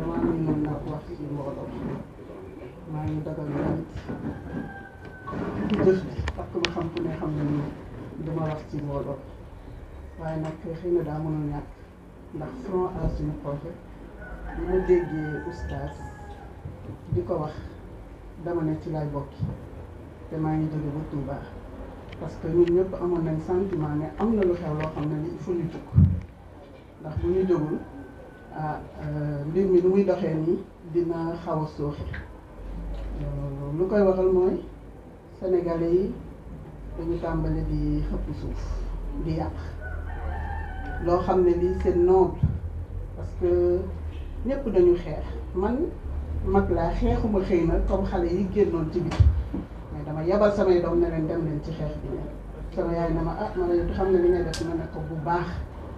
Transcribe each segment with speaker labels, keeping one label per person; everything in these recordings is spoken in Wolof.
Speaker 1: dama am mën nag wax ci mbooloo maa ngi dagal ñaan ci jëf ak lu xam ku ne xam ne nii duma wax ci mbooloo waaye nag xëy na daa mënul ñàkk ndax front à suñu projet déggee oustaz di ko wax dama ne ci lay bokki te maa ngi jóge ba baax parce que ñun ñëpp amoon nañ sentiment ne am na lu xew loo xam ne ni il faut ñu ndax bu ñu jógul ah euh, mbir mi nu muy doxee nii dina xaw a sooxe euh, lu koy waxal mooy sénégalais yi dañu tàmbali di xëpp suuf di yàq loo xam ne lii c'est noble parce que ñëpp dañu xeex man mag laa xeexuma xëy na comme xale yi génnoon ci biir mais dama yabal samay doom ne leen dem leen ci xeex bi ne sama yaay ne ma ah ma ne xam ne li ngay def na ne ko bu baax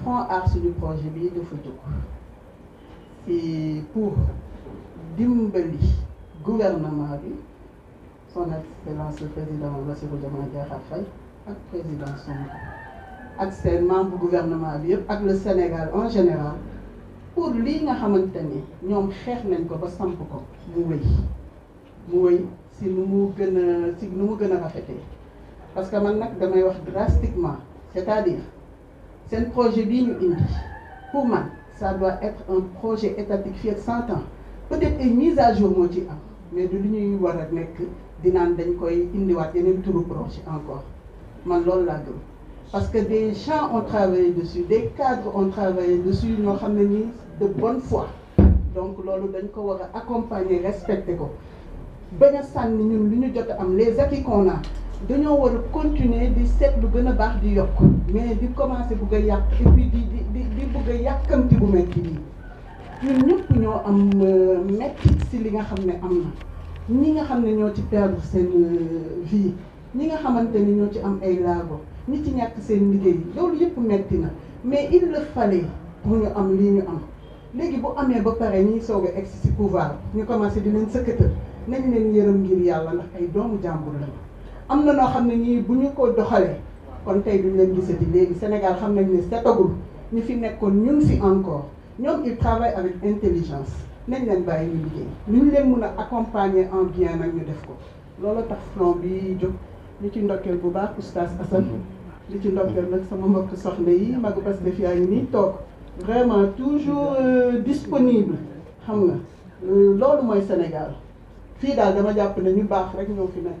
Speaker 1: prend du du projet de photo c'est pour dimbali gouvernement son excellence le président M. de président ak gouvernement bi le Sénégal en général pour lui nga xamante de ñoom xeex nañ ko samp ko si nu mu si parce que man drastiquement c'est-à-dire un projet bii ñu indi pour moi ça doit être un projet étatique fait ak 100 ans peut-être une mise à jour moi mais du lu ñuy war a nekk dinaan dañ koy indiwaat yeneen turu projet encore man loolu laa parce que des gens ont travaillé dessus des cadres ont travaillé dessus nous avons de bonne foi donc loolu dañ ko accompagner respecter ko devons a ñun les acquis qu'on a dañoo war a continuer di seet lu gën a baax di yokk mais di commencer bugg a yàq et puis di di di di bugg a yàkkamti bu metti bi ñun ñëpp ñoo am euh, metti si li nga xam ne am na ñi nga xam ne ñoo ci perdre seen euh, vie ñi nga xamante ni ñoo ci am ay laago ñi ci ñàkk seen liggéey loolu yëpp metti na mais il le yi pour ñu am lii ñu am léegi bu amee ba pare ñiy soog a si ci pouvoir ñu commencer di leen sëkkatal nañ leen yërëm ngir yàlla ndax ay doomu jàmbur lañu am na noo xam ne ñii bu ñu ko doxalee kon tey duñ leen gisati léegi Sénégal xam nañ ne setagul ñu fi nekkoon ñun fi encore ñoom ils travaillent avec intelligence nañ leen bàyyi ñu liggéey ñu leen mun a accompagner en bien nag ñu def ko loolu tax front bi jóg ñu ci ndokkeel bu baax oustaz Assane mhm. li ci ndokkeel nag sama mbokk soxna yi magu Pastef yaa ngi nii toog vraiment toujours euh, disponible xam nga euh, loolu mooy Sénégal fii daal dama jàpp ne ñu baax rek ñoo fi nekk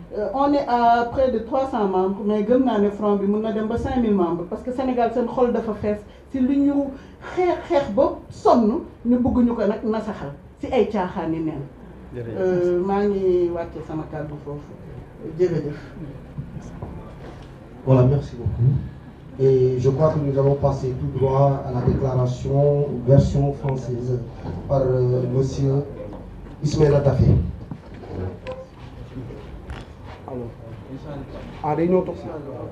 Speaker 1: Euh, on est à près de 300 membres mais gëm naa le front bi mun 5000 membres parce que Sénégal rôle de dafa fees si lu ñu xeex xeex ba sonn ñu bëgg ñu ko nag nasaxal si ay caaxaan yi neen euh, maa ngi wàcce sama kàddu voilà merci beaucoup et je crois que nous allons passer tout droit à la déclaration version française par euh, monsieur Ismaïla あの、あれのとこ、あの、